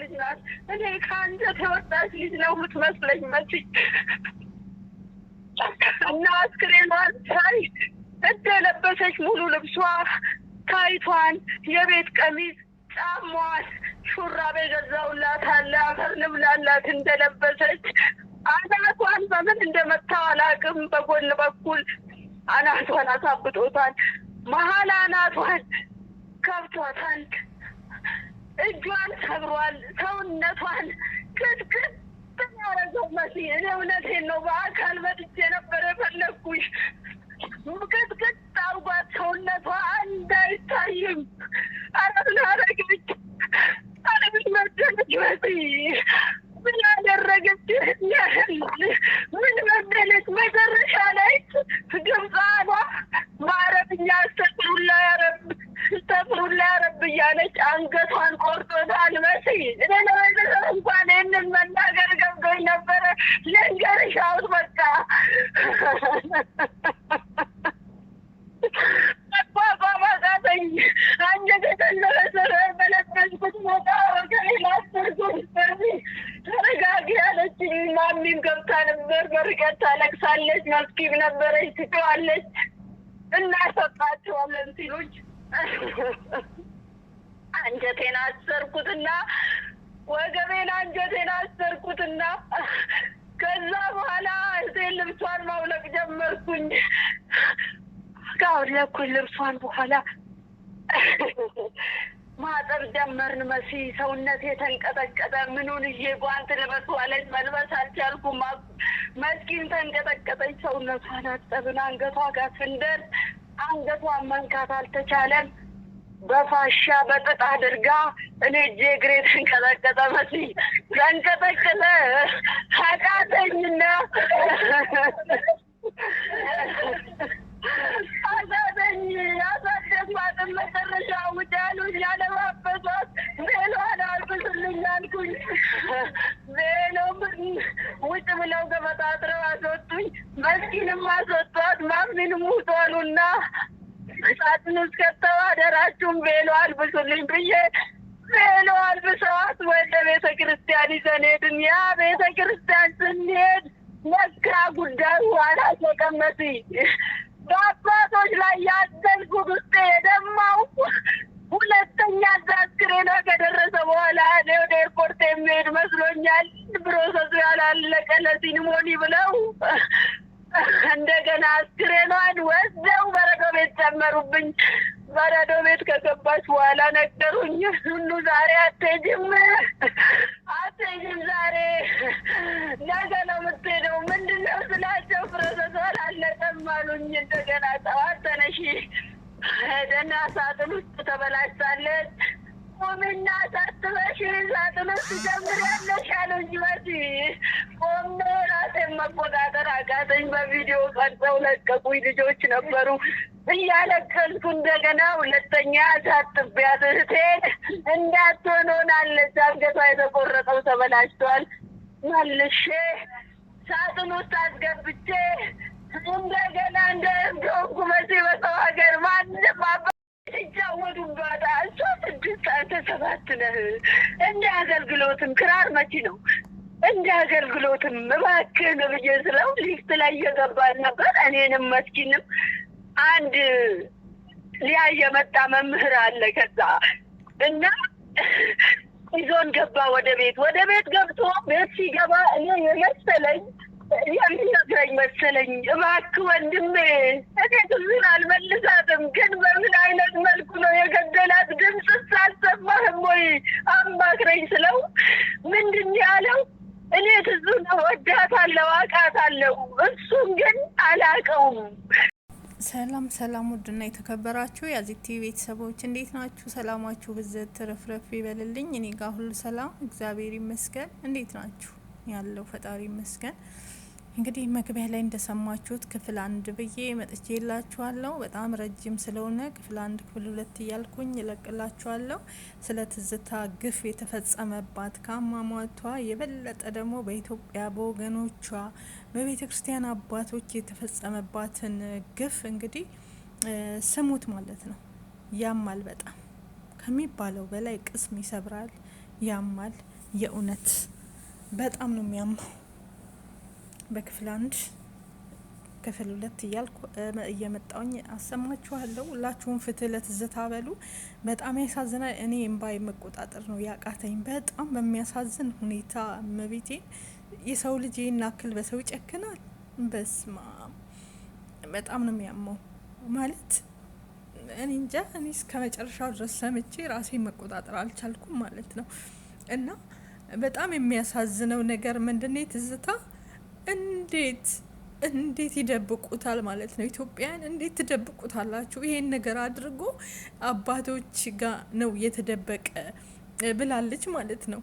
ልጅ ናት። እኔ ከአንጀት የወጣች ልጅ ነው የምትመስለኝ መች እና አስክሬኗን ሳይ እንደ ሙሉ ልብሷ ታይቷን፣ የቤት ቀሚስ፣ ጫሟን፣ ሹራብ የገዛውላት አለ አፈር ልብላላት እንደለበሰች አናቷን በምን እንደመታው አላቅም። በጎን በኩል አናቷን አሳብጦታል። መሀል አናቷን ከብቷታል። እጇን ሰብሯል። ሰውነቷን ክትክት ያረገው መሲ እኔ እውነቴን ነው። በአካል መጥቼ ነበር የፈለግኩሽ። ክትክት አርጓት ሰውነቷ ለቤተሰብ እንኳን ይህንን መናገር ገብቶኝ ነበረ። ልንገርሽ አሁን በቃ መቋቋም አቃተኝ። አንጀት የተለበሰ በለበስኩት ቦታ ከሌላ አስርጉት በዚህ ተረጋጊ ያለችኝ ማሚም ገብታ ነበር። በርቀት ታለቅሳለች። መስኪብ ነበረች፣ ትጮዋለች። እናሰጣቸዋለን ሲሉኝ አንጀቴን አሰርኩትና ወገቤን አንጀቴን አሰርኩትና ከዛ በኋላ እህቴን ልብሷን ማውለቅ ጀመርኩኝ። ካወለኩኝ ልብሷን በኋላ ማጠብ ጀመርን። መሲ ሰውነት የተንቀጠቀጠ ምኑን እዬ ጓንት ልበስ ዋለች። መልበስ አልቻልኩም። መስኪን ተንቀጠቀጠች። ሰውነቷን አጠብን። አንገቷ ጋር ስንደር አንገቷን መንካት አልተቻለም። በፋሻ በጥጥ አድርጋ እኔ እጄ እግሬ ተንቀጠቀጠ መስሎኝ ተንቀጠቀጠ አቃተኝና አሳተኝ አሳደግኳትን መጨረሻ ውጭ ያሉኝ አለባበሷት ቬሎ አላልብስልኝ አልኩኝ። ቬሎ ውጭ ብለው ገመጣጥረው አስወጡኝ። መስኪንም አስወጧት ማሚንም ውቷሉና ሳጥን ውስጥ ከተው አደራችሁን ቬሎ አልብሱልኝ ብዬ ነው አልብሰዋት ወደ ቤተ ክርስቲያን ይዘን ሄድን። ያ ቤተ ክርስቲያን ስንሄድ ለካ ጉዳዩ አላተቀመጥ በአባቶች ላይ ያደልኩ ውስጤ የደማው ሁለተኛ አስክሬኗ ከደረሰ በኋላ እኔ ወደ ኤርፖርት የሚሄድ መስሎኛል። ፕሮሰሱ ያላለቀ ለሲኒሞኒ ብለው እንደገና አስክሬኗን ወስደው በረዶ ቤት ጨመሩብኝ። በረዶ ቤት ከገባች በኋላ ነ ብለውኛል ሁሉ ዛሬ አትሄጂም አትሄጂም ዛሬ ነገ ነው የምትሄደው ምንድን ነው ስላቸው ፕሮሰሷል አለቀም አሉኝ እንደገና ጠዋት ተነሺ ሄደና ሳጥን ውስጥ ተበላሽታለች ቆሜና ሰርትበሽ ሳጥን ውስጥ ጀምሪያለሽ አሉኝ በሲ ቆሜ ራሴን መቆጣጠር አቃተኝ በቪዲዮ ቀርጸው ለቀቁኝ ልጆች ነበሩ እያለከልኩ እንደገና ሁለተኛ ሳትቢያት እህቴ እንዳትሆን አንገቷ የተቆረጠው ተበላሽቷል። መልሼ ሳጥን ውስጥ አስገብቼ እንደገና እንደ እንደወንኩ መቼ በሰው ሀገር ማንም አባ ይጫወዱባታ እሷ ስድስት አንተ ሰባት ነህ። እንደ አገልግሎትም ክራር መቺ ነው እንደ አገልግሎትም እባክህን ብዬ ስለው ሊፍት ላይ እየገባን ነበር እኔንም መስኪንም አንድ ሊያ የመጣ መምህር አለ። ከዛ እና ይዞን ገባ ወደ ቤት። ወደ ቤት ገብቶ ቤት ሲገባ እኔ የመሰለኝ የሚነግረኝ መሰለኝ፣ እባክ ወንድሜ እኔ ትዝን አልመልሳትም፣ ግን በምን አይነት መልኩ ነው የገደላት? ድምፅ ሳልሰማህም ወይ? አማክረኝ ስለው ምንድን ያለው እኔ ትዙን እወዳታለሁ፣ አውቃታለሁ፣ እሱን ግን አላቀውም። ሰላም ሰላም ውድና የተከበራችሁ የዚህ ቲቪ ቤተሰቦች እንዴት ናችሁ? ሰላማችሁ ብዘት ትረፍረፍ ይበልልኝ። እኔ ጋር ሁሉ ሰላም እግዚአብሔር ይመስገን። እንዴት ናችሁ? ያለው ፈጣሪ ይመስገን። እንግዲህ መግቢያ ላይ እንደሰማችሁት ክፍል አንድ ብዬ መጥቼ የላችኋለሁ። በጣም ረጅም ስለሆነ ክፍል አንድ፣ ክፍል ሁለት እያልኩኝ ይለቅላችኋለሁ። ስለ ትዝታ ግፍ የተፈጸመባት ከአሟሟቷ የበለጠ ደግሞ በኢትዮጵያ በወገኖቿ በቤተ ክርስቲያን አባቶች የተፈጸመባትን ግፍ እንግዲህ ስሙት ማለት ነው። ያማል፣ በጣም ከሚባለው በላይ ቅስም ይሰብራል። ያማል፣ የእውነት በጣም ነው የሚያማው። በክፍል አንድ ክፍል ሁለት እያልኩ እየመጣውኝ አሰማችኋለሁ። ሁላችሁም ፍትህ ለትዝታ በሉ። በጣም ያሳዝናል። እኔ እምባይ መቆጣጠር ነው ያቃተኝ በጣም በሚያሳዝን ሁኔታ መቤቴ። የሰው ልጅ ይናክል በሰው ይጨክናል። በስማ በጣም ነው የሚያመው ማለት እኔ እንጃ። እኔ እስከ ድረስ ሰምቼ ራሴ መቆጣጠር አልቻልኩም ማለት ነው። እና በጣም የሚያሳዝነው ነገር ምንድነው ትዝታ እንዴት እንዴት ይደብቁታል ማለት ነው። ኢትዮጵያን እንዴት ትደብቁታላችሁ? ይሄን ነገር አድርጎ አባቶች ጋር ነው የተደበቀ ብላለች ማለት ነው።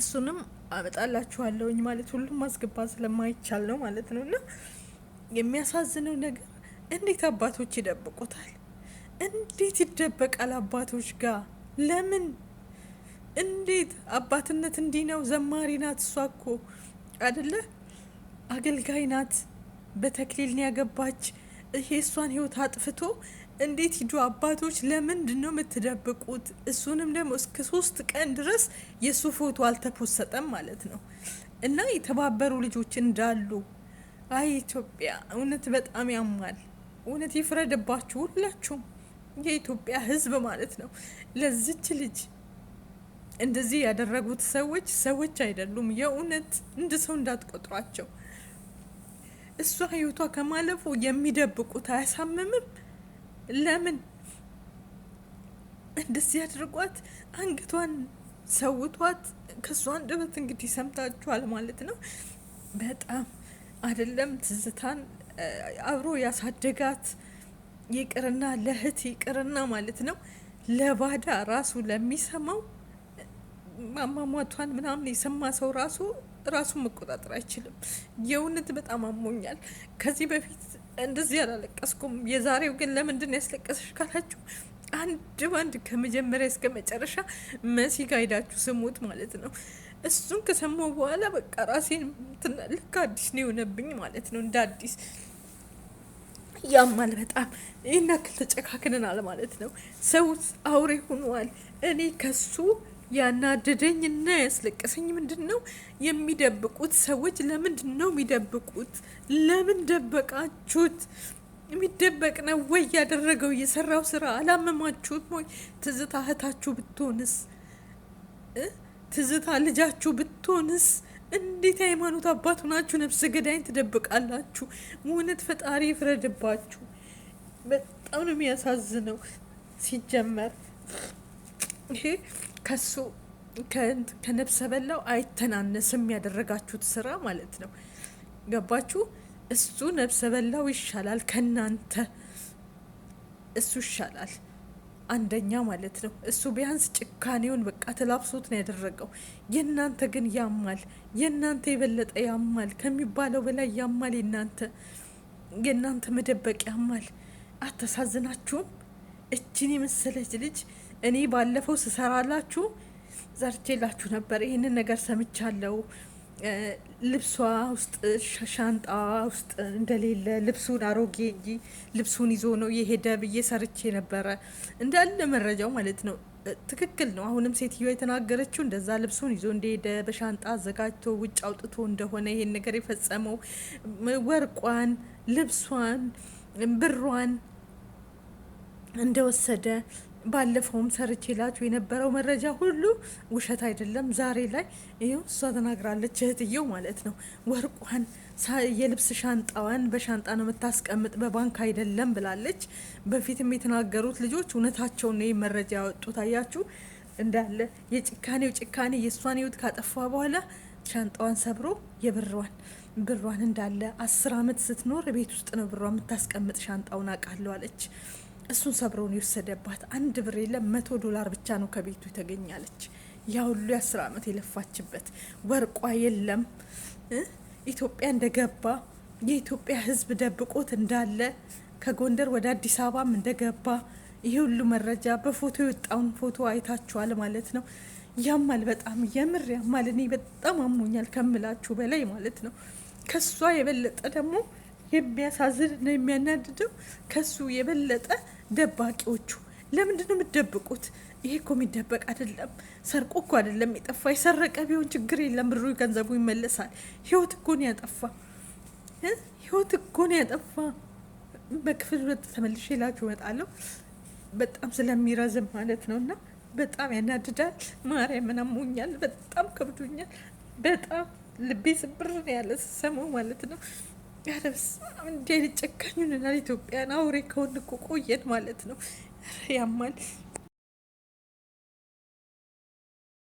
እሱንም አመጣላችኋለሁኝ ማለት ሁሉም ማስገባት ስለማይቻል ነው ማለት ነው። እና የሚያሳዝነው ነገር እንዴት አባቶች ይደብቁታል? እንዴት ይደበቃል አባቶች ጋር ለምን? እንዴት አባትነት እንዲህ ነው። ዘማሪ ናት እሷ እኮ አደለህ አገልጋይ ናት። በተክሊል ያገባች ይሄ እሷን ህይወት አጥፍቶ እንዴት ሂዱ አባቶች፣ ለምንድን ነው የምትደብቁት? እሱንም ደግሞ እስከ ሶስት ቀን ድረስ የእሱ ፎቶ አልተፖሰጠም ማለት ነው። እና የተባበሩ ልጆች እንዳሉ አይ ኢትዮጵያ እውነት በጣም ያማል። እውነት ይፍረድባችሁ ሁላችሁም የኢትዮጵያ ህዝብ ማለት ነው። ለዚች ልጅ እንደዚህ ያደረጉት ሰዎች ሰዎች አይደሉም። የእውነት እንደ ሰው እንዳትቆጥሯቸው። እሷ ህይወቷ ከማለፉ የሚደብቁት አያሳምምም? ለምን እንደዚህ ያድርጓት? አንገቷን ሰውቷት ከእሷ አንደበት እንግዲህ ሰምታችኋል ማለት ነው። በጣም አይደለም ትዝታን አብሮ ያሳደጋት ይቅርና ለእህት ይቅርና ማለት ነው ለባዳ ራሱ ለሚሰማው ማማሟቷን ምናምን የሰማ ሰው ራሱ ራሱን መቆጣጠር አይችልም። የእውነት በጣም አሞኛል። ከዚህ በፊት እንደዚህ አላለቀስኩም። የዛሬው ግን ለምንድን ነው ያስለቀሰሽ ካላችሁ አንድ ባንድ ከመጀመሪያ እስከ መጨረሻ መሲ ጋ ሄዳችሁ ስሙት ማለት ነው። እሱን ከሰማሁ በኋላ በቃ ራሴን ልክ አዲስ ነው የሆነብኝ ማለት ነው። እንደ አዲስ ያማል በጣም። ይህን ያክል ተጨካክንናል ማለት ነው። ሰው አውሬ ሆኗል። እኔ ከሱ ያናደደኝና እና ያስለቀሰኝ ምንድን ነው የሚደብቁት ሰዎች ለምንድን ነው የሚደብቁት? ለምን ደበቃችሁት? የሚደበቅ ነው ወይ ያደረገው የሰራው ስራ? አላመማችሁት ወይ? ትዝታ እህታችሁ ብትሆንስ? ትዝታ ልጃችሁ ብትሆንስ? እንዴት የሃይማኖት አባት ሆናችሁ ነፍሰ ገዳይን ትደብቃላችሁ? እውነት ፈጣሪ ይፍረድባችሁ። በጣም ነው የሚያሳዝነው። ሲጀመር ይሄ ከሱ ከነብሰ በላው አይተናነስም ያደረጋችሁት ስራ ማለት ነው። ገባችሁ? እሱ ነብሰ በላው ይሻላል ከናንተ እሱ ይሻላል አንደኛ ማለት ነው። እሱ ቢያንስ ጭካኔውን በቃ ተላብሶት ነው ያደረገው። የእናንተ ግን ያማል፣ የእናንተ የበለጠ ያማል ከሚባለው በላይ ያማል። የናንተ የእናንተ መደበቅ ያማል። አታሳዝናችሁም? እችን የመሰለች ልጅ እኔ ባለፈው ስሰራላችሁ ዘርቼላችሁ ነበር። ይህንን ነገር ሰምቻለሁ። ልብሷ ውስጥ ሻንጣ ውስጥ እንደሌለ ልብሱን አሮጌ እንጂ ልብሱን ይዞ ነው የሄደ ብዬ ሰርቼ ነበረ እንዳለ መረጃው ማለት ነው። ትክክል ነው። አሁንም ሴትዮ የተናገረችው እንደዛ ልብሱን ይዞ እንደሄደ በሻንጣ አዘጋጅቶ ውጭ አውጥቶ እንደሆነ ይሄን ነገር የፈጸመው ወርቋን፣ ልብሷን፣ ብሯን እንደወሰደ ባለፈውም ሰርቼላችሁ የነበረው መረጃ ሁሉ ውሸት አይደለም። ዛሬ ላይ ይኸው እሷ ተናግራለች፣ እህትየው ማለት ነው። ወርቋን፣ የልብስ ሻንጣዋን በሻንጣ ነው የምታስቀምጥ በባንክ አይደለም ብላለች። በፊትም የተናገሩት ልጆች እውነታቸውን ነው መረጃ ያወጡት። አያችሁ እንዳለ የጭካኔው ጭካኔ የእሷን ህይወት ካጠፋ በኋላ ሻንጣዋን ሰብሮ የብሯን ብሯን እንዳለ አስር አመት ስትኖር ቤት ውስጥ ነው ብሯ የምታስቀምጥ ሻንጣውን አቃለዋለች። እሱን ሰብረውን የወሰደባት አንድ ብር የለም መቶ ዶላር ብቻ ነው ከቤቱ ተገኛለች። ያ ሁሉ የአስር አመት የለፋችበት ወርቋ የለም። ኢትዮጵያ እንደገባ የኢትዮጵያ ሕዝብ ደብቆት እንዳለ ከጎንደር ወደ አዲስ አበባም እንደገባ ይህ ሁሉ መረጃ በፎቶ የወጣውን ፎቶ አይታችኋል ማለት ነው። ያማል፣ በጣም የምር ያማል። እኔ በጣም አሞኛል ከምላችሁ በላይ ማለት ነው። ከሷ የበለጠ ደግሞ የሚያሳዝን ነው የሚያናድደው ከሱ የበለጠ ደባቂዎቹ ለምንድን ነው የምትደብቁት? ይሄ እኮ የሚደበቅ አይደለም። ሰርቆ እኮ አይደለም የጠፋ። የሰረቀ ቢሆን ችግር የለም፣ ብሩ ገንዘቡ ይመለሳል። ህይወት እኮ ነው ያጠፋ፣ ህይወት እኮ ነው ያጠፋ። በክፍል ሁለት ተመልሼ ላችሁ እመጣለሁ። በጣም ስለሚረዝም ማለት ነው እና በጣም ያናድዳል። ማርያምን አሞኛል፣ በጣም ከብዶኛል፣ በጣም ልቤ ስብር ያለ ስሰማው ማለት ነው። ያለብስ እንዲ አይነት ጨካኙን ኢትዮጵያን አውሬ ከሆን እኮ ቆየን ማለት ነው። ያማል።